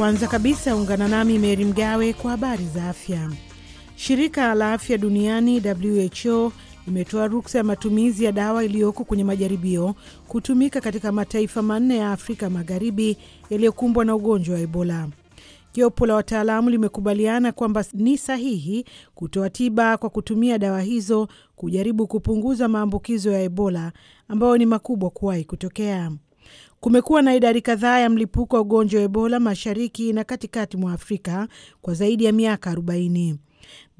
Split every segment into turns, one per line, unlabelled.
Kwanza kabisa ungana nami Meri Mgawe kwa habari za afya. Shirika la afya duniani WHO imetoa ruksa ya matumizi ya dawa iliyoko kwenye majaribio kutumika katika mataifa manne ya Afrika Magharibi yaliyokumbwa na ugonjwa wa Ebola. Jopo la wataalamu limekubaliana kwamba ni sahihi kutoa tiba kwa kutumia dawa hizo kujaribu kupunguza maambukizo ya Ebola ambayo ni makubwa kuwahi kutokea. Kumekuwa na idadi kadhaa ya mlipuko wa ugonjwa wa Ebola mashariki na katikati mwa Afrika kwa zaidi ya miaka 40.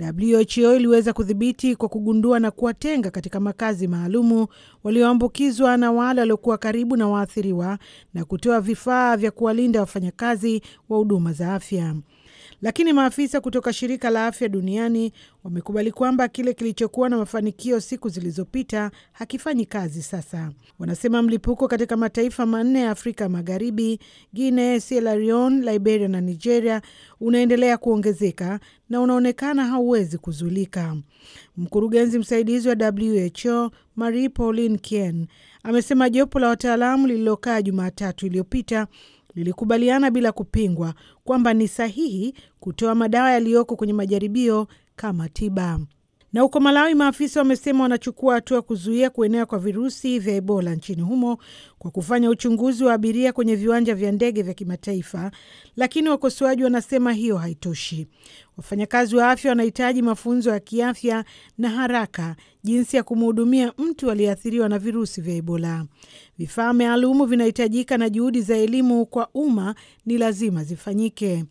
WHO iliweza kudhibiti kwa kugundua na kuwatenga katika makazi maalumu walioambukizwa na wale waliokuwa karibu na waathiriwa na kutoa vifaa vya kuwalinda wafanyakazi wa huduma za afya lakini maafisa kutoka shirika la afya duniani wamekubali kwamba kile kilichokuwa na mafanikio siku zilizopita hakifanyi kazi sasa. Wanasema mlipuko katika mataifa manne ya Afrika Magharibi, Guinea, Sierra Leone, Liberia na Nigeria unaendelea kuongezeka na unaonekana hauwezi kuzuilika. Mkurugenzi msaidizi wa WHO Marie Pauline Kien amesema jopo la wataalamu lililokaa Jumatatu iliyopita lilikubaliana bila kupingwa kwamba ni sahihi kutoa madawa yaliyoko kwenye majaribio kama tiba. Na huko Malawi, maafisa wamesema wanachukua hatua kuzuia kuenea kwa virusi vya Ebola nchini humo kwa kufanya uchunguzi wa abiria kwenye viwanja vya ndege vya kimataifa, lakini wakosoaji wanasema hiyo haitoshi. Wafanyakazi wa afya wanahitaji mafunzo ya kiafya na haraka jinsi ya kumhudumia mtu aliyeathiriwa na virusi vya Ebola. Vifaa maalumu vinahitajika na juhudi za elimu kwa umma ni lazima zifanyike.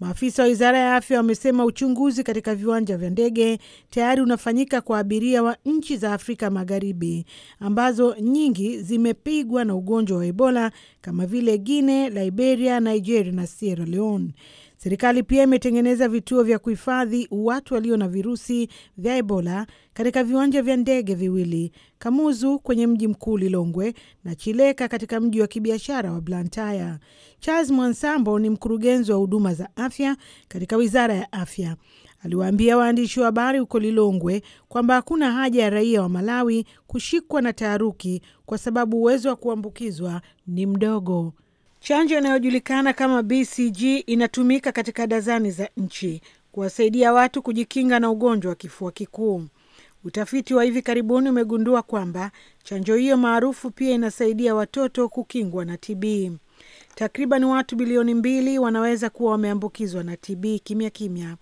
Maafisa wa wizara ya afya wamesema uchunguzi katika viwanja vya ndege tayari unafanyika kwa abiria wa nchi za Afrika Magharibi ambazo nyingi zimepigwa na ugonjwa wa Ebola kama vile Guinea, Liberia, Nigeria na Sierra Leone. Serikali pia imetengeneza vituo vya kuhifadhi watu walio na virusi vya Ebola katika viwanja vya ndege viwili, Kamuzu kwenye mji mkuu Lilongwe na Chileka katika mji wa kibiashara wa Blantyre. Charles Mwansambo ni mkurugenzi wa huduma za afya katika Wizara ya Afya. Aliwaambia waandishi wa habari huko Lilongwe kwamba hakuna haja ya raia wa Malawi kushikwa na taharuki kwa sababu uwezo wa kuambukizwa ni mdogo. Chanjo inayojulikana kama BCG inatumika katika dazani za nchi kuwasaidia watu kujikinga na ugonjwa wa kifua kikuu. Utafiti wa hivi karibuni umegundua kwamba chanjo hiyo maarufu pia inasaidia watoto kukingwa na TB. Takriban watu bilioni mbili wanaweza kuwa wameambukizwa na TB kimya kimya.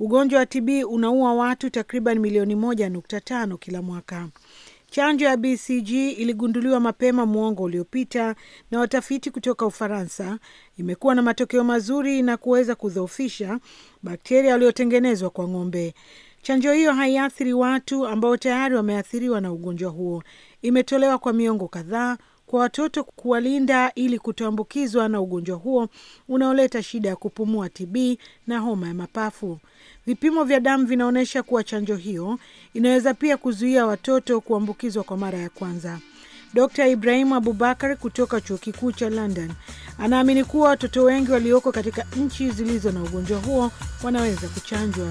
Ugonjwa wa TB unaua watu takriban milioni moja nukta tano kila mwaka. Chanjo ya BCG iligunduliwa mapema mwongo uliopita na watafiti kutoka Ufaransa. Imekuwa na matokeo mazuri na kuweza kudhoofisha bakteria waliotengenezwa kwa ng'ombe. Chanjo hiyo haiathiri watu ambao tayari wameathiriwa na ugonjwa huo. Imetolewa kwa miongo kadhaa kwa watoto kuwalinda ili kutoambukizwa na ugonjwa huo unaoleta shida ya kupumua TB na homa ya mapafu. Vipimo vya damu vinaonyesha kuwa chanjo hiyo inaweza pia kuzuia watoto kuambukizwa kwa mara ya kwanza. Dr Ibrahimu Abubakar kutoka chuo kikuu cha London anaamini kuwa watoto wengi walioko katika nchi zilizo na ugonjwa huo wanaweza kuchanjwa.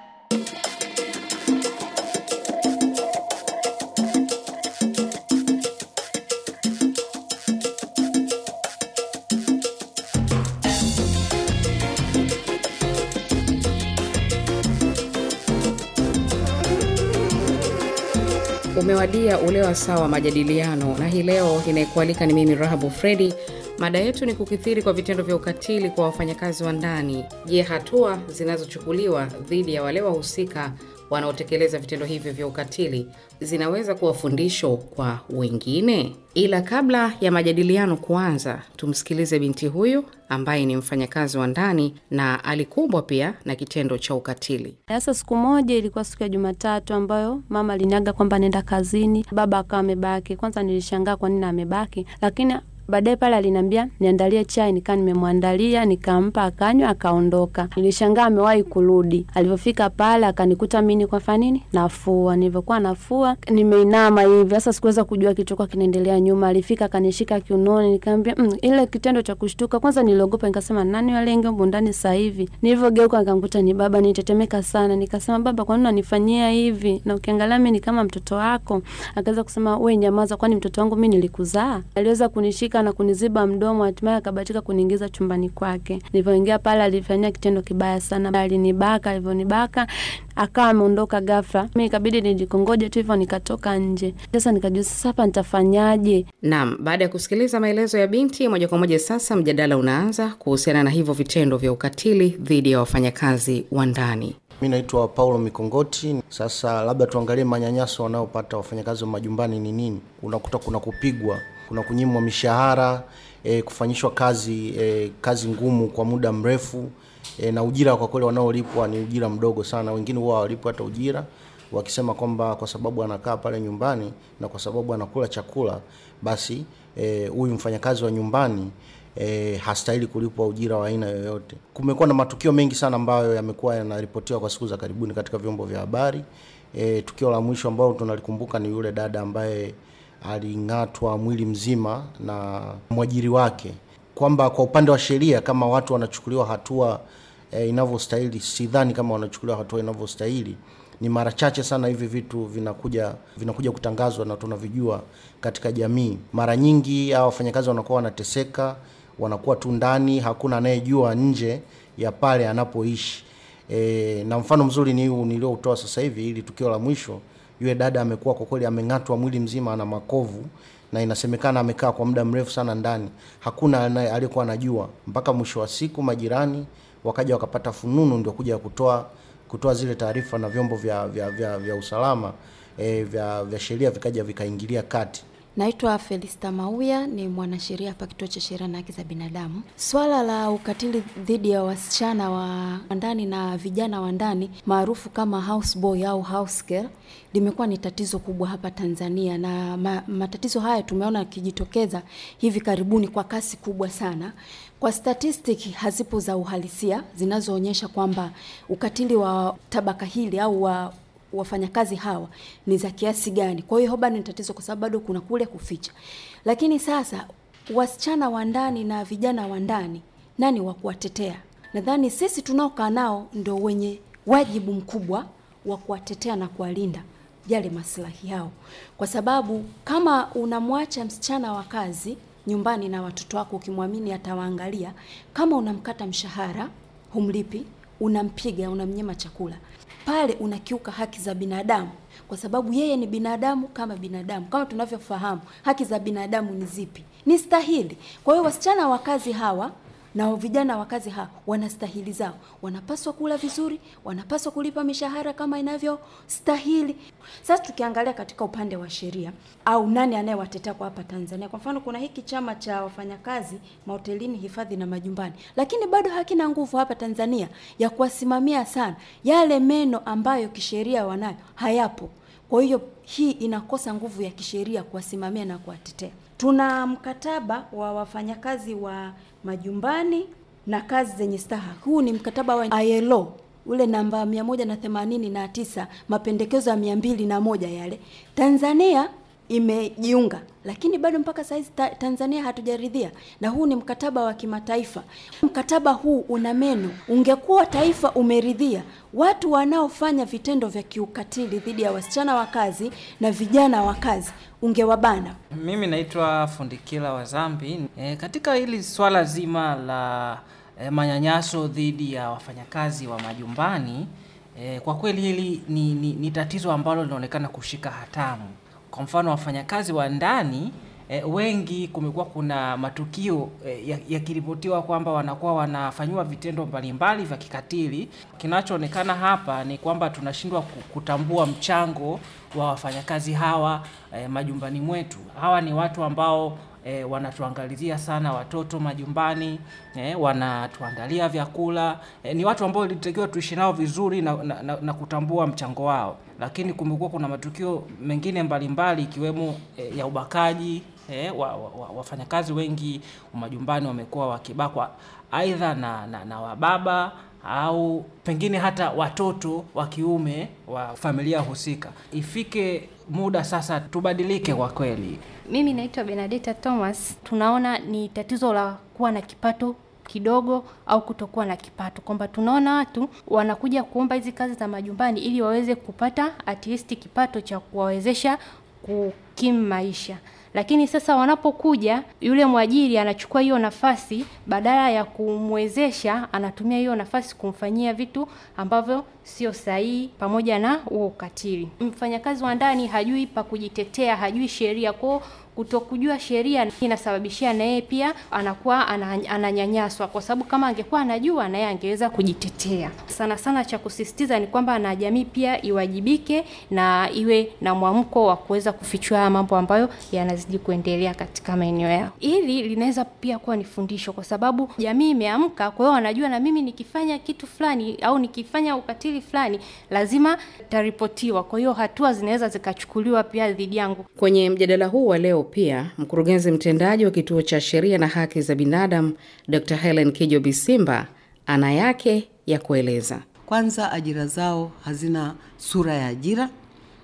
Umewadia ule wasaa wa majadiliano, na hii leo inayekualika ni mimi Rahabu Fredi. Mada yetu ni kukithiri kwa vitendo vya ukatili kwa wafanyakazi wa ndani. Je, hatua zinazochukuliwa dhidi ya wale wahusika wanaotekeleza vitendo hivyo vya ukatili zinaweza kuwa fundisho kwa wengine. Ila kabla ya majadiliano kuanza, tumsikilize binti huyu ambaye ni mfanyakazi wa ndani na alikumbwa pia na kitendo cha ukatili.
Sasa siku moja, ilikuwa siku ya Jumatatu ambayo mama aliniaga kwamba anaenda kazini, baba akawa amebaki. Kwanza nilishangaa kwa nini amebaki, lakini Baadaye pale aliniambia niandalie chai, nikaa nimemwandalia, nikampa akanywa, akaondoka. Nilishangaa amewahi kurudi. Alivyofika pale akanikuta mimi nafanya nini, nafua. Nilivyokuwa nafua nimeinama hivi sasa, sikuweza kujua kilichokuwa kinaendelea nyuma. Alifika akanishika kiunoni, nikamwambia mm, ile kitendo cha kushtuka kwanza, niliogopa nikasema, nani wale ingi ndani sasa hivi? Nilivyogeuka nikamkuta ni baba, nitetemeka sana. Nikasema, baba, kwa nini unanifanyia hivi? na ukiangalia mimi ni kama mtoto wako. Akaweza kusema, we nyamaza, kwani mtoto wangu mimi nilikuzaa? Aliweza kunishika na kuniziba mdomo, hatimaye akabatika kuniingiza chumbani kwake. Nilivyoingia pale, alifanyia kitendo kibaya sana, alinibaka. Alivyonibaka akawa ameondoka ghafla, mi ikabidi nijikongoje tu hivyo, nikatoka nje. Sasa nikajua sasa hapa nitafanyaje?
Naam, baada ya kusikiliza maelezo ya binti, moja kwa moja sasa mjadala unaanza
kuhusiana na hivyo vitendo vya ukatili dhidi ya wafanyakazi wa ndani. Mi naitwa Paulo Mikongoti. Sasa labda tuangalie manyanyaso wanayopata wafanyakazi wa majumbani ni nini. Unakuta kuna kupigwa kuna kunyimwa mishahara e, kufanyishwa kazi e, kazi ngumu kwa muda mrefu e, na ujira kwa kweli wanaolipwa ni ujira mdogo sana. Wengine huwa hawalipwi hata ujira, wakisema kwamba kwa sababu anakaa pale nyumbani na kwa sababu anakula chakula basi huyu e, mfanyakazi wa nyumbani e, hastahili kulipwa ujira wa aina yoyote. Kumekuwa na matukio mengi sana ambayo yamekuwa yanaripotiwa kwa siku za karibuni katika vyombo vya habari. E, tukio la mwisho ambalo tunalikumbuka ni yule dada ambaye aling'atwa mwili mzima na mwajiri wake, kwamba kwa upande wa sheria kama watu wanachukuliwa hatua e, inavyostahili, sidhani kama wanachukuliwa hatua inavyostahili. Ni mara chache sana hivi vitu vinakuja vinakuja kutangazwa na tunavijua katika jamii. Mara nyingi hao wafanyakazi wanakuwa wanateseka, wanakuwa tu ndani, hakuna anayejua nje ya pale anapoishi. E, na mfano mzuri ni huu niliotoa sasa hivi, ili tukio la mwisho yule dada amekuwa kwa kweli ameng'atwa mwili mzima, ana makovu na inasemekana amekaa kwa muda mrefu sana ndani, hakuna aliyekuwa anajua, mpaka mwisho wa siku majirani wakaja wakapata fununu, ndio kuja kutoa kutoa zile taarifa na vyombo vya, vya, vya, vya usalama e, vya, vya sheria vikaja vikaingilia kati.
Naitwa Felista Mauya, ni mwanasheria hapa kituo cha sheria na haki za binadamu. Swala la ukatili dhidi ya wasichana wa ndani na vijana wa ndani maarufu kama houseboy au girl limekuwa ni tatizo kubwa hapa Tanzania, na ma, matatizo haya tumeona yakijitokeza hivi karibuni kwa kasi kubwa sana. Kwa statistiki hazipo za uhalisia zinazoonyesha kwamba ukatili wa tabaka hili au wa wafanyakazi hawa ni za kiasi gani. Kwa hiyo bado ni tatizo, kwa sababu bado kuna kule kuficha. Lakini sasa wasichana wa ndani na vijana wa ndani, nani wa kuwatetea? Nadhani sisi tunaokaa nao ndio wenye wajibu mkubwa wa kuwatetea na kuwalinda yale maslahi yao, kwa sababu kama unamwacha msichana wa kazi nyumbani na watoto wako, ukimwamini atawaangalia, kama unamkata mshahara humlipi unampiga, unamnyima chakula, pale unakiuka haki za binadamu, kwa sababu yeye ni binadamu kama binadamu. Kama tunavyofahamu haki za binadamu ni zipi, ni stahili. Kwa hiyo wasichana wa kazi hawa na vijana wa kazi ha wanastahili zao, wanapaswa kula vizuri, wanapaswa kulipa mishahara kama inavyostahili. Sasa tukiangalia katika upande wa sheria au nani anayewatetea kwa hapa Tanzania, kwa mfano kuna hiki chama cha wafanyakazi mahotelini, hifadhi na majumbani, lakini bado hakina nguvu hapa Tanzania ya kuwasimamia sana. Yale meno ambayo kisheria wanayo hayapo, kwa hiyo hii inakosa nguvu ya kisheria kuwasimamia na kuwatetea. Tuna mkataba wa wafanyakazi wa majumbani na kazi zenye staha. Huu ni mkataba wa ILO ule namba 189 mapendekezo ya 201 yale. Tanzania imejiunga, lakini bado mpaka saa hizi ta, Tanzania hatujaridhia, na huu ni mkataba wa kimataifa. Mkataba huu una meno. Ungekuwa taifa umeridhia, watu wanaofanya vitendo vya kiukatili dhidi ya wasichana wa kazi na vijana wa kazi ungewabana.
Mimi naitwa Fundikila wa Zambi. E, katika hili swala zima la e, manyanyaso dhidi ya wafanyakazi wa majumbani e, kwa kweli hili ni, ni, ni tatizo ambalo linaonekana kushika hatamu kwa mfano wafanyakazi wa ndani e, wengi kumekuwa kuna matukio e, yakiripotiwa kwamba wanakuwa wanafanyiwa vitendo mbalimbali vya kikatili. Kinachoonekana hapa ni kwamba tunashindwa kutambua mchango wa wafanyakazi hawa e, majumbani mwetu. Hawa ni watu ambao e, wanatuangalizia sana watoto majumbani e, wanatuandalia vyakula e, ni watu ambao ilitakiwa tuishi nao vizuri na, na, na, na kutambua mchango wao, lakini kumekuwa kuna matukio mengine mbalimbali ikiwemo e, ya ubakaji e, wa, wa, wa, wafanyakazi wengi majumbani wamekuwa wakibakwa aidha na, na, na wababa au pengine hata watoto wa kiume wa familia husika. Ifike muda sasa tubadilike kwa kweli.
Mimi naitwa benadeta Thomas. Tunaona ni tatizo la kuwa na kipato kidogo au kutokuwa na kipato, kwamba tunaona watu wanakuja kuomba hizi kazi za majumbani ili waweze kupata atisti kipato cha kuwawezesha kukimu maisha. Lakini sasa wanapokuja, yule mwajiri anachukua hiyo nafasi, badala ya kumwezesha, anatumia hiyo nafasi kumfanyia vitu ambavyo sio sahihi, pamoja na huo ukatili. Mfanyakazi wa ndani hajui pa kujitetea, hajui sheria kwao kutokujua sheria inasababishia na yeye pia anakuwa ananyanyaswa, kwa sababu kama angekuwa anajua na yeye angeweza kujitetea. Sana sana cha kusisitiza ni kwamba na jamii pia iwajibike na iwe na mwamko wa kuweza kufichua haya mambo ambayo yanazidi kuendelea katika maeneo yao. Hili linaweza pia kuwa ni fundisho, kwa sababu jamii imeamka, kwa hiyo wanajua na mimi nikifanya kitu fulani au nikifanya ukatili fulani lazima taripotiwa. Kwa hiyo hatua zinaweza zikachukuliwa pia dhidi yangu. Kwenye mjadala huu wa leo Leo
pia mkurugenzi mtendaji wa kituo cha sheria na haki za binadamu Dr. Helen Kijo Bisimba ana yake ya kueleza.
Kwanza, ajira zao hazina sura ya ajira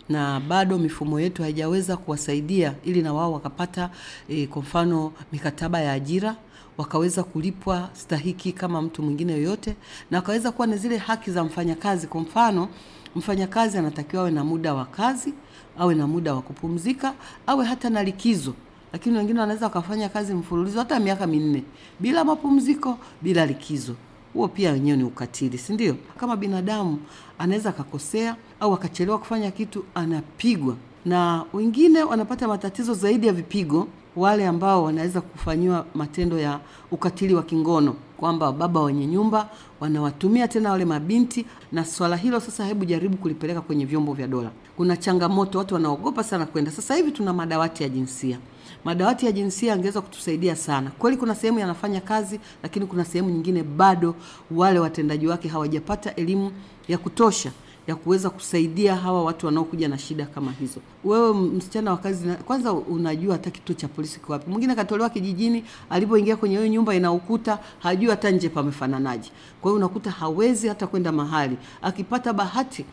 na bado mifumo yetu haijaweza kuwasaidia ili na wao wakapata e, kwa mfano mikataba ya ajira wakaweza kulipwa stahiki kama mtu mwingine yoyote, na wakaweza kuwa na zile haki za mfanyakazi. Kwa mfano, mfanyakazi anatakiwa awe na muda wa kazi awe na muda wa kupumzika, awe hata na likizo. Lakini wengine wanaweza wakafanya kazi mfululizo hata miaka minne bila mapumziko, bila likizo. Huo pia wenyewe ni ukatili, si ndio? Kama binadamu anaweza akakosea au akachelewa kufanya kitu, anapigwa. Na wengine wanapata matatizo zaidi ya vipigo wale ambao wanaweza kufanyiwa matendo ya ukatili wa kingono, kwamba baba wenye nyumba wanawatumia tena wale mabinti. Na swala hilo sasa, hebu jaribu kulipeleka kwenye vyombo vya dola kuna changamoto, watu wanaogopa sana kwenda. Sasa hivi tuna madawati ya jinsia. Madawati ya jinsia angeweza kutusaidia sana kweli. Kuna sehemu yanafanya kazi, lakini kuna sehemu nyingine bado wale watendaji wake hawajapata elimu ya kutosha ya kuweza kusaidia hawa watu wanaokuja na shida kama hizo. Wewe msichana wa kazi, kwanza unajua hata kituo cha polisi kiko wapi? Mwingine akatolewa kijijini, alipoingia kwenye hiyo nyumba ina ukuta, hajui hata nje pamefananaje. Kwa hiyo unakuta hawezi hata kwenda mahali, akipata bahati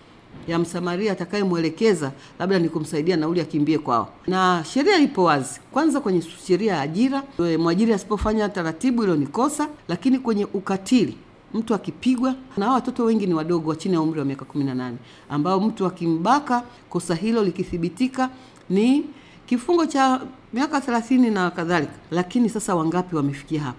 ya Msamaria atakayemwelekeza labda ni kumsaidia nauli akimbie kwao. Na sheria ipo wazi, kwanza kwenye sheria ya ajira, e, mwajiri asipofanya taratibu, hilo ni kosa. Lakini kwenye ukatili mtu akipigwa, na hao watoto wengi ni wadogo wa chini ya umri wa miaka 18, ambao mtu akimbaka, kosa hilo likithibitika ni kifungo cha miaka 30 na kadhalika. Lakini sasa wangapi wamefikia hapo?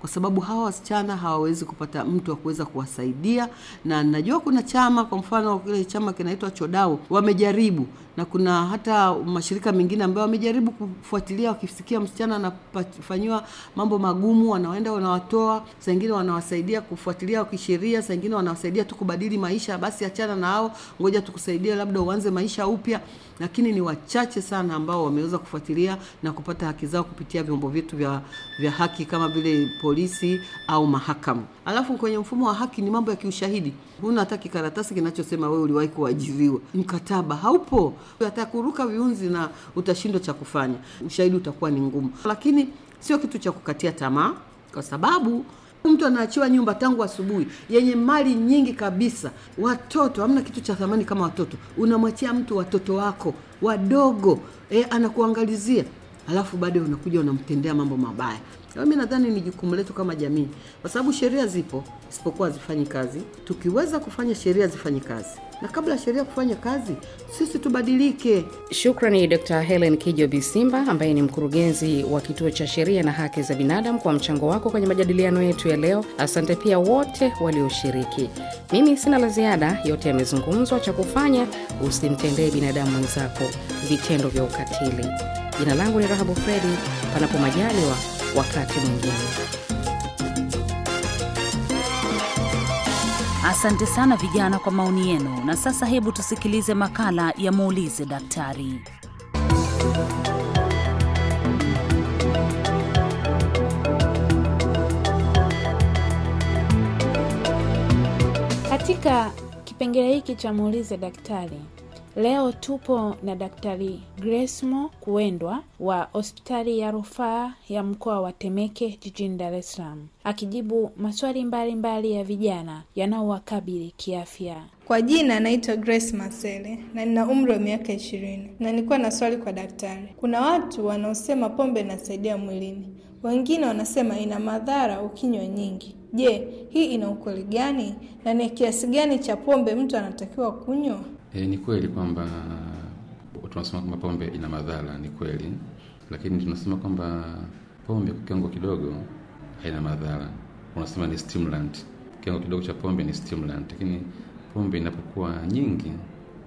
kwa sababu hawa wasichana hawawezi kupata mtu wa kuweza kuwasaidia, na najua kuna chama, kwa mfano kile chama kinaitwa Chodao wamejaribu, na kuna hata mashirika mengine ambayo wamejaribu kufuatilia, wakisikia msichana anafanyiwa mambo magumu, wanaenda wanawatoa, saa ingine wanawasaidia kufuatilia kisheria, saa ingine wanawasaidia tu kubadili maisha, basi achana na hao, ngoja tukusaidia labda uanze maisha upya. Lakini ni wachache sana ambao wameweza kufuatilia na kupata haki zao kupitia vyombo vyetu vya, vya haki kama vile polisi au mahakama. Alafu kwenye mfumo wa haki ni mambo ya kiushahidi. Huna hata kikaratasi kinachosema wewe uliwahi kuajiriwa, mkataba haupo. Atakuruka viunzi na utashindwa cha kufanya, ushahidi utakuwa ni ngumu, lakini sio kitu cha kukatia tamaa, kwa sababu mtu anaachiwa nyumba tangu asubuhi yenye mali nyingi kabisa, watoto, hamna kitu cha thamani kama watoto. Unamwachia mtu watoto wako wadogo, e, anakuangalizia, alafu baadaye unakuja unamtendea mambo mabaya. Mimi nadhani ni jukumu letu kama jamii, kwa sababu sheria zipo, isipokuwa hazifanyi kazi. Tukiweza kufanya sheria zifanye kazi, na kabla ya sheria kufanya kazi, sisi tubadilike. Shukrani Dr. Helen
Kijo Bisimba ambaye ni mkurugenzi wa kituo cha sheria na haki za binadamu kwa mchango wako kwenye majadiliano yetu ya leo. Asante pia wote walioshiriki. Mimi sina la ziada, yote yamezungumzwa. Cha kufanya usimtendee binadamu mwenzako vitendo vya ukatili. Jina langu ni Rahabu Fredi, panapo majaliwa wakati mwingine.
Asante sana vijana kwa maoni yenu, na sasa hebu tusikilize makala ya muulize daktari.
Katika kipengele hiki cha muulize daktari Leo tupo na Daktari Gresmo Kuendwa wa hospitali ya rufaa ya mkoa wa Temeke jijini Dar es Salaam akijibu maswali mbalimbali mbali ya vijana yanayowakabili kiafya.
Kwa jina naitwa Grace Masele na nina umri wa miaka ishirini na nilikuwa
na swali kwa daktari.
Kuna watu wanaosema pombe inasaidia mwilini, wengine wanasema ina madhara ukinywa nyingi. Je, hii ina ukweli gani na ni kiasi gani cha pombe mtu anatakiwa kunywa?
E, ni kweli kwamba uh, tunasema kwamba pombe ina madhara, ni kweli, lakini tunasema kwamba pombe kwa kiwango kidogo haina madhara. Unasema ni stimulant, kiwango kidogo cha pombe ni stimulant, lakini pombe inapokuwa nyingi,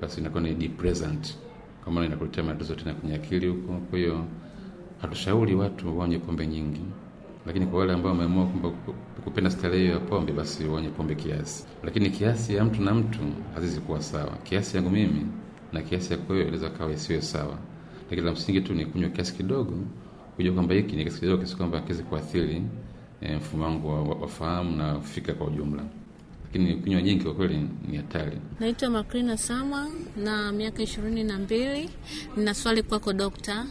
basi inakuwa ni depressant, kwa maana inakuletea matatizo tena kwenye akili huko. Kwa hiyo hatushauri watu wanywe pombe nyingi lakini kwa wale ambao wameamua kwamba kupenda starehe hiyo ya pombe, basi wanywe pombe kiasi, lakini kiasi ya mtu na mtu hazizi kuwa sawa. Kiasi yangu mimi na kiasi ya kwewe inaweza kawa isiwe sawa, lakini la msingi tu ni kunywa kiasi kidogo, kujua kwamba hiki ni kiasi kidogo, kiasi kwamba akiwezi kuathiri eh, mfumo wangu wa, wa, wa fahamu na kufika kwa ujumla lakini kunywa nyingi kwa kweli ni hatari.
Naitwa Makrina Samwa na miaka ishirini na mbili. Nina swali kwako dokta.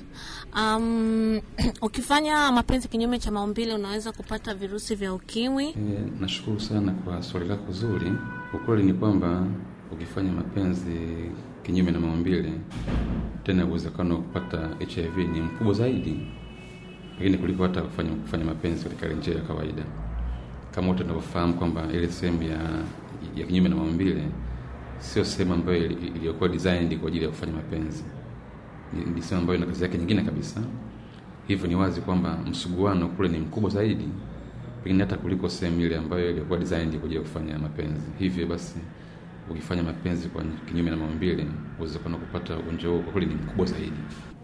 Um, ukifanya mapenzi kinyume cha maumbile unaweza kupata virusi vya ukimwi? E,
nashukuru sana kwa swali lako zuri. Ukweli ni kwamba ukifanya mapenzi kinyume na maumbile, tena uwezekano wa kupata HIV ni mkubwa zaidi, lakini kuliko hata kufanya, kufanya mapenzi katika njia ya kawaida kama wote tunavyofahamu kwamba ile sehemu ya, ya kinyume na maumbile sio sehemu ambayo iliyokuwa designed kwa ajili ya kufanya mapenzi, ni sehemu ambayo ina kazi yake nyingine kabisa. Hivyo ni wazi kwamba msuguano kule ni mkubwa zaidi pengine hata kuliko sehemu ile ambayo ilikuwa designed kwa ajili ya kufanya mapenzi. Hivyo basi ukifanya mapenzi kwa kinyume na maumbile, uwezekana kupata ugonjwa huo kwa kweli ni mkubwa zaidi.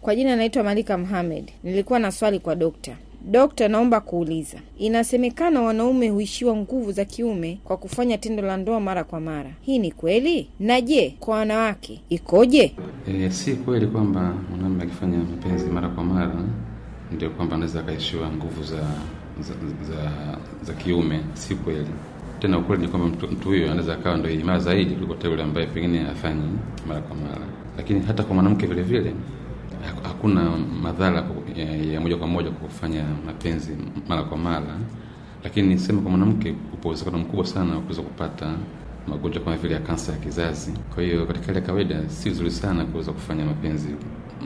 Kwa jina naitwa Malika Mohamed. Nilikuwa na swali kwa dokta. Dokta, naomba kuuliza, inasemekana wanaume huishiwa nguvu za kiume kwa kufanya tendo la ndoa mara kwa mara. Hii ni kweli? Na je, kwa wanawake ikoje?
E, si kweli kwamba mwanaume akifanya mapenzi mara kwa mara ndio kwamba anaweza akaishiwa nguvu za za, za za kiume. Si kweli. Tena ukweli ni kwamba mtu huyo anaweza akawa ndo imara zaidi kuliko hata yule ambaye pengine afanyi mara kwa mara. Lakini hata kwa mwanamke vilevile hakuna madhara ya moja kwa moja kwa kufanya mapenzi mara kwa mara, lakini nisema kwa mwanamke upo uwezekano mkubwa sana wa kuweza kupata magonjwa kama vile ya kansa ya kizazi. Kwa hiyo katika hali ya kawaida si vizuri sana kuweza kufanya mapenzi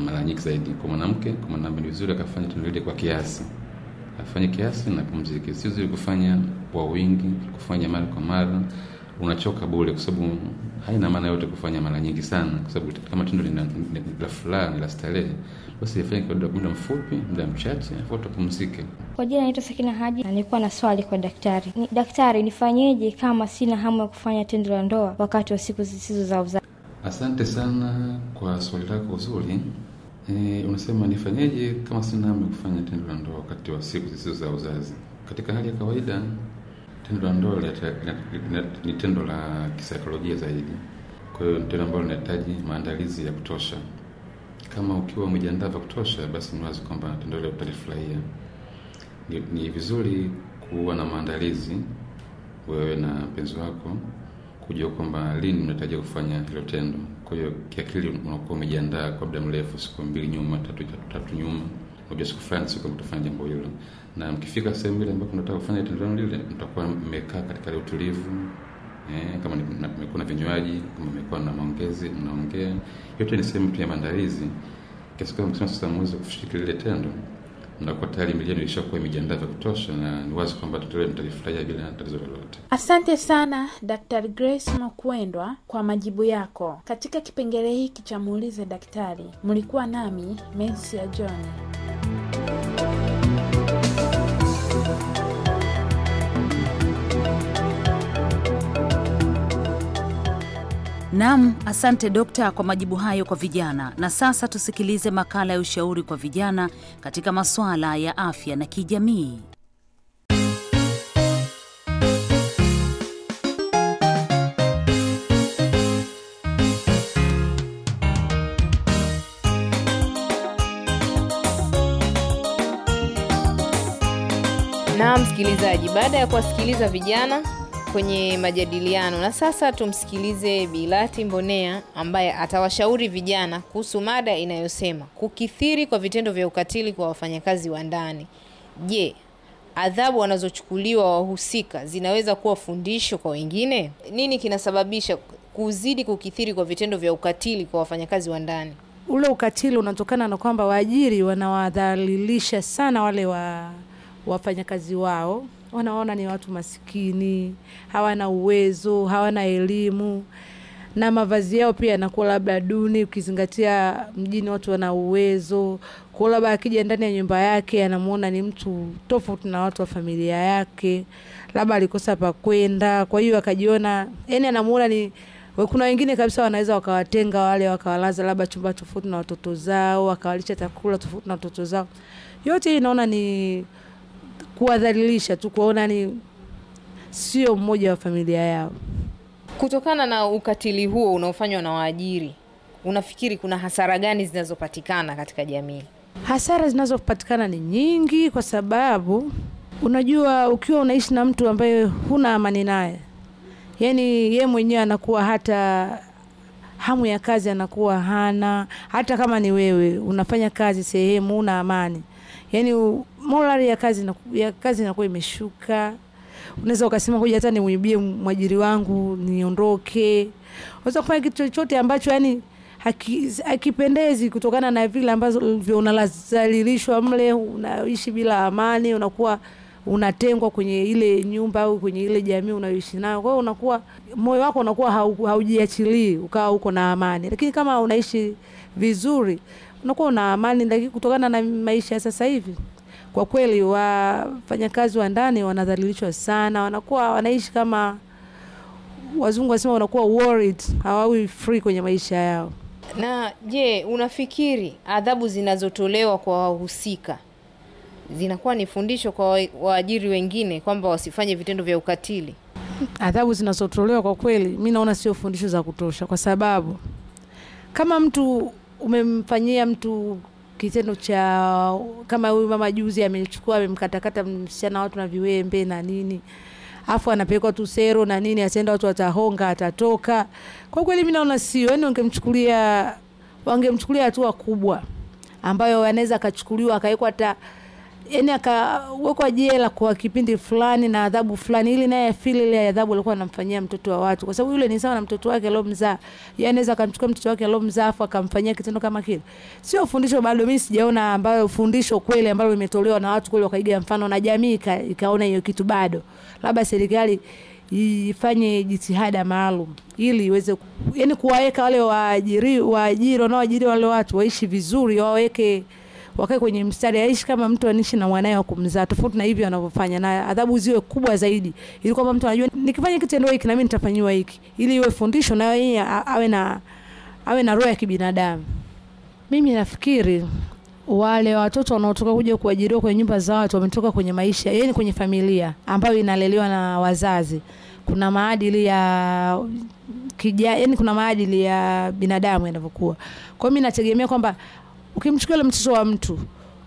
mara nyingi zaidi. Kwa mwanamke, kwa mwanaume ni vizuri akafanya tendo kwa kiasi, afanye kiasi na pumzike. Si vizuri kufanya kwa wingi, kufanya mara kwa mara unachoka bure, kwa sababu haina maana yote kufanya mara nyingi sana, kwa sababu kama tendo ni la furaha, ni la starehe, basi ifanye kwa muda mfupi, muda mchache, afu utapumzike.
Kwa jina naitwa Sakina Haji, na nilikuwa na swali kwa daktari. Ni, daktari, nifanyeje kama sina hamu ya kufanya tendo la ndoa wakati wa siku zisizo za uzazi?
Asante sana kwa swali lako zuri. E, unasema nifanyeje kama sina hamu ya kufanya tendo la ndoa wakati wa siku zisizo za uzazi? Katika hali ya kawaida Tendo la ndoa ni tendo la kisaikolojia zaidi, kwa hiyo tendo ambalo linahitaji maandalizi ya kutosha. Kama ukiwa umejiandaa vya kutosha, basi ni wazi kwamba tendo hilo utalifurahia. Ni, ni vizuri kuwa na maandalizi wewe na mpenzi wako, kujua kwamba lini unahitaji kufanya hilo tendo. Kwa hiyo kiakili unakuwa umejiandaa kwa muda mrefu, siku mbili nyuma, tatu tatu nyuma kuojesha kufanya siku mtafanya jambo hilo, na mkifika sehemu ile ambayo mnataka kufanya tendo lile, mtakuwa mmekaa katika utulivu eh, kama mmekuwa na vinywaji, kama mmekuwa na maongezi, mnaongea. Yote ni sehemu tu ya maandalizi, kiasi kwamba mkisema sasa mwezi kushiriki lile tendo, mnakuwa tayari miili yenu ilishakuwa imejiandaa vya kutosha, na ni wazi kwamba tendo lile mtalifurahia bila tatizo lolote.
Asante sana Dr. Grace Mwakwendwa kwa majibu yako katika kipengele hiki cha muulize daktari. Mlikuwa nami Mensia John.
Nam, asante dokta kwa majibu hayo kwa vijana. Na sasa tusikilize makala ya ushauri kwa vijana katika masuala ya afya na kijamii.
Na msikilizaji, baada ya kuwasikiliza vijana kwenye majadiliano. Na sasa tumsikilize Bilati Mbonea ambaye atawashauri vijana kuhusu mada inayosema kukithiri kwa vitendo vya ukatili kwa wafanyakazi wa ndani. Je, adhabu wanazochukuliwa wahusika zinaweza kuwa fundisho kwa wengine? Nini kinasababisha kuzidi kukithiri kwa vitendo vya ukatili kwa wafanyakazi wa ndani?
Ule ukatili unatokana na kwamba waajiri wanawadhalilisha sana wale wa wafanyakazi wao wanaona ni watu masikini, hawana uwezo, hawana elimu na mavazi yao pia yanakuwa labda duni, ukizingatia mjini watu wana uwezo. Kwa labda akija ndani ya nyumba yake anamuona ni mtu tofauti na watu wa familia yake, labda alikosa pa kwenda, kwa hiyo akajiona, yani anamuona ni kuna wengine kabisa wanaweza wakawatenga wale wakawalaza labda chumba tofauti na watoto zao, wakawalisha chakula tofauti na watoto zao. Yote inaona ni kuwadhalilisha tu, kuona ni sio mmoja wa familia yao.
Kutokana na ukatili huo unaofanywa na waajiri, unafikiri kuna hasara gani zinazopatikana katika jamii?
Hasara zinazopatikana ni nyingi, kwa sababu unajua, ukiwa unaishi na mtu ambaye huna amani naye, yani ye mwenyewe anakuwa hata hamu ya kazi anakuwa hana, hata kama ni wewe unafanya kazi sehemu una amani, yani morali ya kazi na, ya kazi inakuwa imeshuka. Unaweza ukasema hoja hata niuibie mwajiri wangu niondoke. Unaweza kufanya kitu chochote ambacho yani haki, hakipendezi kutokana na vile ambavyo unazalilishwa mle, unaishi bila amani, unakuwa unatengwa kwenye ile nyumba au kwenye ile jamii unayoishi nayo. Kwa hiyo unakuwa moyo wako unakuwa haujiachilii ukawa uko na amani, lakini kama unaishi vizuri unakuwa una amani, lakini kutokana na maisha sasa hivi kwa kweli wafanyakazi wa ndani wanadhalilishwa sana, wanakuwa wanaishi kama wazungu wanasema, wanakuwa worried, hawawi free kwenye maisha yao.
Na je, unafikiri adhabu zinazotolewa kwa wahusika zinakuwa ni fundisho kwa waajiri wengine kwamba wasifanye vitendo vya ukatili?
Adhabu zinazotolewa kwa kweli, mi naona sio fundisho za kutosha, kwa sababu kama mtu umemfanyia mtu kitendo cha kama huyu mama juzi amechukua amemkatakata msichana watu na viwembe na nini, afu anapelekwa tu sero na nini, ataenda watu watahonga, atatoka. Kwa kweli mimi naona sio, yani wangemchukulia wangemchukulia hatua kubwa ambayo anaweza akachukuliwa akawekwa hata yani akawekwa jela kwa kipindi fulani na adhabu fulani, ili naye afili ile adhabu alikuwa anamfanyia mtoto wa watu, kwa sababu yule ni sawa na mtoto wake alomzaa. Yeye yaani anaweza akamchukua mtoto wake alomzaa afu akamfanyia kitendo kama kile. Sio fundisho, bado mimi sijaona ambayo fundisho kweli ambalo limetolewa na watu kweli wakaiga mfano na jamii ka, ikaona hiyo kitu bado, labda serikali ifanye jitihada maalum ili iweze yani kuwaweka wale waajiri waajiri wanaoajiri wale watu waishi vizuri, waweke wakae kwenye mstari, aishi kama mtu anishi na mwanae wa kumzaa, tofauti na hivyo wanavyofanya, na adhabu ziwe kubwa zaidi, ili kwamba mtu anajua nikifanya kitendo hiki na mimi nitafanyiwa hiki, ili iwe fundisho na yeye awe na awe na roho ya kibinadamu. Mimi nafikiri wale watoto wanaotoka kuja kuajiriwa kwenye nyumba za watu wametoka kwenye maisha, yaani kwenye familia ambayo inaleliwa na wazazi. Kuna maadili ya kija, yaani kuna maadili ya binadamu yanavyokuwa. Kwa hiyo mimi nategemea kwamba Ukimchukua ule mtoto wa mtu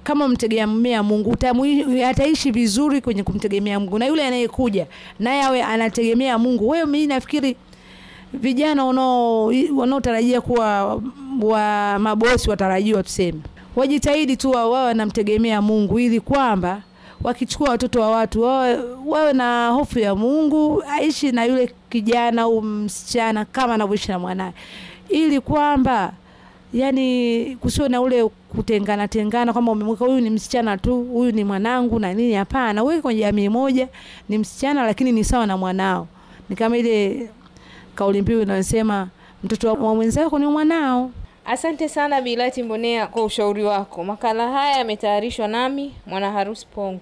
kama mtegemea Mungu utamu, ataishi vizuri kwenye kumtegemea Mungu, na yule anayekuja naye awe anategemea Mungu. Wewe mimi nafikiri vijana wanaotarajia kuwa wa mabosi watarajiwa, tuseme wajitahidi tu wawe wanamtegemea Mungu ili kwamba wakichukua watoto wa watu wawe na hofu ya Mungu, aishi na yule kijana au msichana kama anavyoishi na mwanaye, ili kwamba yani kusio na ule kutengana tengana kwamba umemweka huyu ni msichana tu, huyu ni mwanangu na nini. Hapana, wewe kwenye jamii moja ni msichana, lakini ni sawa na mwanao. Ni kama ile kauli mbiu inayosema mtoto wa mwenzako ni mwanao.
Asante sana Bilati Mbonea kwa ushauri wako. Makala haya yametayarishwa nami Mwanaharusi Pongo.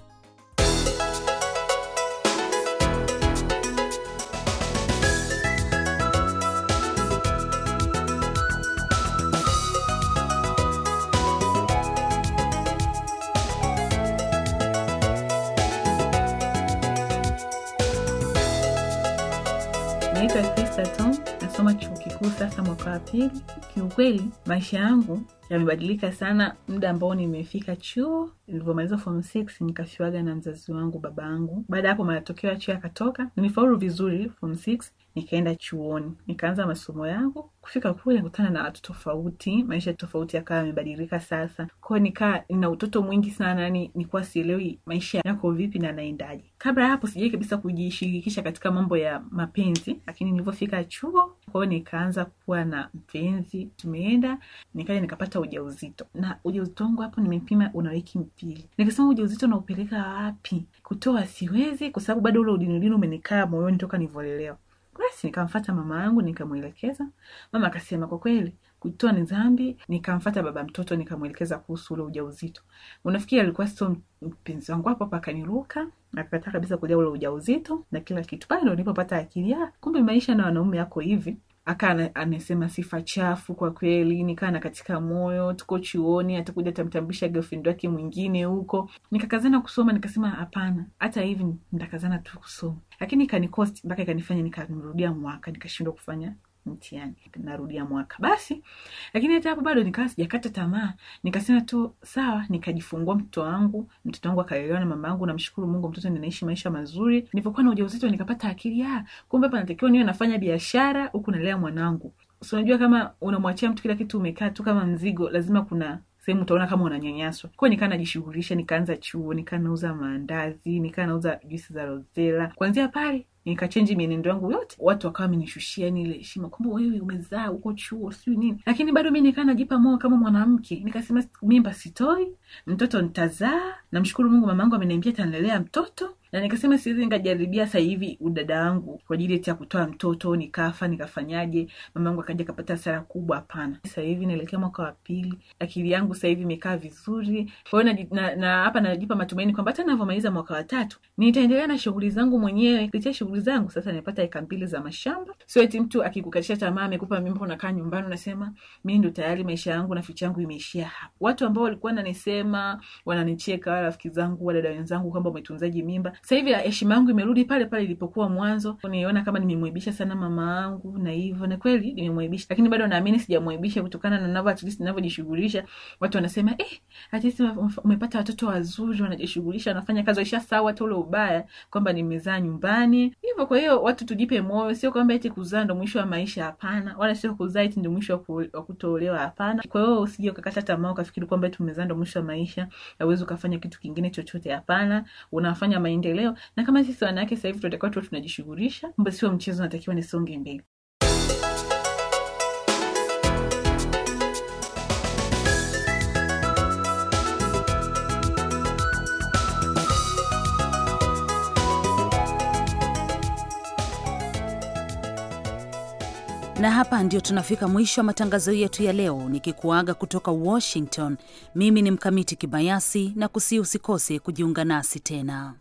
Naitwa Esther Tom, nasoma chuo kikuu sasa mwaka wa pili. Kiukweli maisha yangu yamebadilika sana muda ambao nimefika chuo. Nilivyomaliza form 6 nikafiwaga na mzazi wangu, baba yangu. Baada ya hapo matokeo ya chuo yakatoka, nimefaulu vizuri form 6 nikaenda chuoni nikaanza masomo yangu. Kufika kule nikutana na watu tofauti, maisha tofauti yakawa yamebadilika. Sasa kwao nikaa nina utoto mwingi sana, yani nikuwa sielewi maisha yako vipi na naendaji Kabla ya hapo sijai kabisa kujishirikisha katika mambo ya mapenzi, lakini nilivyofika chuo kwao nikaanza kuwa na mpenzi, tumeenda nikaja nikapata ujauzito, na ujauzito wangu hapo nimepima una wiki mbili, nikasema ujauzito naupeleka wapi? Kutoa siwezi, kwa sababu bado ule udinudinu umenikaa moyoni toka nivolelewa basi nikamfata mama yangu nikamwelekeza. Mama akasema kwa kweli kutoa ni zambi Nikamfata baba mtoto nikamwelekeza kuhusu ule ujauzito. Unafikiri alikuwa sio mpenzi wangu, hapo hapa akaniruka, akakataa kabisa kulia ule ujauzito na kila kitu. Pale ndo nilipopata akili, kumbe maisha na wanaume yako hivi akaa anasema sifa chafu kwa kweli, nikaa na katika moyo, tuko chuoni, atakuja atamtambulisha girlfriend wake mwingine huko. Nikakazana kusoma, nikasema hapana, hata hivi ntakazana tu kusoma, lakini ikanikost mpaka ikanifanya nikamrudia mwaka, nikashindwa kufanya mtiani narudia mwaka basi. Lakini hata hapo bado nikawa sijakata tamaa, nikasema tu sawa, nikajifungua mtoto wangu. Mtoto wangu akaelewa na mama yangu, namshukuru Mungu, mtoto ninaishi maisha mazuri. Nilipokuwa na ujauzito nikapata akili, ah, kumbe hapa natakiwa niwe nafanya biashara huku nalea mwanangu. So unajua kama unamwachia mtu kila kitu, umekaa tu kama mzigo, lazima kuna sehemu utaona kama unanyanyaswa. Kwa hiyo nikaa najishughulisha, nikaanza chuo, nikaa nauza maandazi, nikaa nauza juisi za rozela. Kuanzia pale nikachenji mienendo yangu yote, watu wakawa amenishushia nile ile heshima kwamba wewe umezaa uko chuo sijui nini, lakini bado mi nikaa najipa kama mwanamke, nikasema mimba sitoi, mtoto ntazaa Namshukuru Mungu, mamaangu ameniambia tanlelea mtoto na nikasema siwezi nikajaribia sasa hivi udada wangu kwa ajili ya kutoa mtoto, nikafa nikafanyaje, mama yangu akaja akapata sara kubwa. Hapana, sasa hivi naelekea mwaka wa pili, akili yangu sasa hivi imekaa vizuri. Kwa hiyo na, na hapa najipa matumaini kwamba hata ninavyomaliza mwaka wa tatu nitaendelea na shughuli zangu mwenyewe. Kupitia shughuli zangu sasa nimepata eka mbili za mashamba, sio eti mtu akikukatisha tamaa, amekupa mimba, unakaa nyumbani unasema mimi ndo tayari maisha yangu na ficha yangu imeishia hapa. Watu ambao walikuwa nanisema wananicheka, wala rafiki zangu, wadada wenzangu kwamba umetunzaji mimba, sasa hivi eh, heshima yangu imerudi pale pale ilipokuwa mwanzo. Niona kama nimemwaibisha sana mama yangu na hivyo, na kweli nimemwaibisha, lakini bado naamini sijamwaibisha kutokana na navyo, at least ninavyojishughulisha. Watu wanasema eh, at least umepata watoto wazuri, wanajishughulisha, wanafanya kazi, waisha sawa tu ule ubaya kwamba nimezaa nyumbani hivyo. Kwa hiyo watu tujipe moyo, sio kwamba eti kuzaa ndo mwisho wa maisha, hapana, wala sio kuzaa eti ndo mwisho wa kutoolewa, hapana. Kwa hiyo usije ukakata tamaa ukafikiri kwamba eti umezaa ndo mwisho wa maisha, hauwezi ukafanya kitu kingine chochote, hapana, unafanya maendeleo leo, na kama sisi wanawake sahivi hivi tutakuwa tu tunajishughulisha, ambapo sio mchezo, natakiwa nisonge mbele.
na hapa ndio tunafika mwisho wa matangazo yetu ya leo, nikikuaga kutoka Washington. Mimi ni Mkamiti Kibayasi na kusii usikose kujiunga nasi tena.